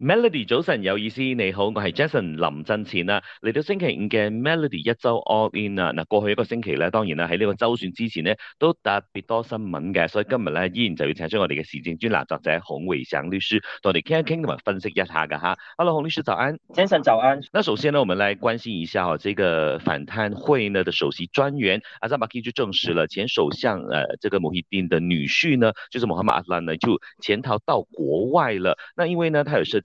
Melody 早晨有意思，你好，我係 Jason 林振前啊，嚟到星期五嘅 Melody 一周 All In 啊，嗱，過去一個星期呢，當然啦喺呢個周選之前呢，都特別多新聞嘅，所以今日呢，依然就要請出我哋嘅時政專欄作者洪維祥律師同我哋傾一傾同埋分析一下噶吓，Hello 洪律師早安，Jason 早安。那首先呢，我們來關心一下啊，這個反貪會呢的首席專員阿三巴基就證實了前首相誒、呃，這個慕尤丁的女婿呢，就是摩哈馬阿德蘭呢就潛逃到國外了。那因為呢，他有涉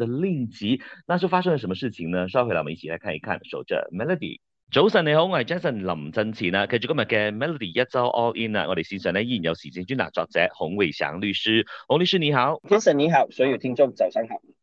的令吉，那是發生了什麼事情呢？稍後我們一起來看一看。守着 Melody，早晨你好，我係 Jason 林振奇啊。跟住今日嘅 Melody 一周 All In 啊，我哋線上呢依然有時政專欄作者洪偉祥律師，洪律師你好，Jason 你好、啊，所有聽眾早上好。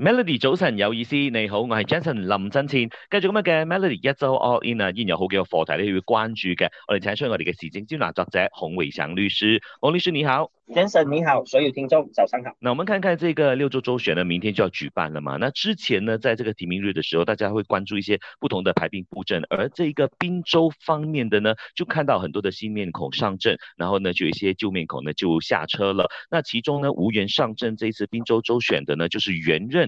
Melody 早晨有意思，你好，我係 Jenson 林振倩，繼續咁樣嘅 Melody 一週 all in 啊，現有好幾個課題呢要關注嘅，我哋請出我哋嘅時政專欄作者洪偉祥律師，洪律師，洪律師你好，Jenson 你好，所有聽眾早上好。那我們看看呢個六州州選呢，明天就要舉辦了嘛？那之前呢，在呢個提名日嘅時候，大家會關注一些不同的排兵布陣，而呢個賓州方面的呢，就看到很多的新面孔上陣，然後呢，就有一些舊面孔呢就下車了。那其中呢，無緣上陣呢一次賓州州選的呢，就是原任。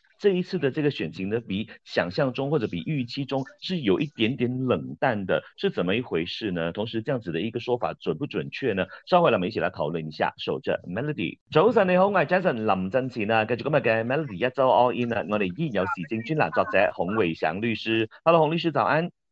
這一次的這個選情呢，比想象中或者比預期中是有一點點冷淡的，是怎麼一回事呢？同時，這樣子的一個說法準不準確呢？稍後我們一起來討論一下。守着 Melody，早晨你好，我係 Jason 林振前呢。跟住今日嘅 Melody 一周 all in，我哋依然有時政君啦，作者洪偉祥律師。Hello，洪律師早安。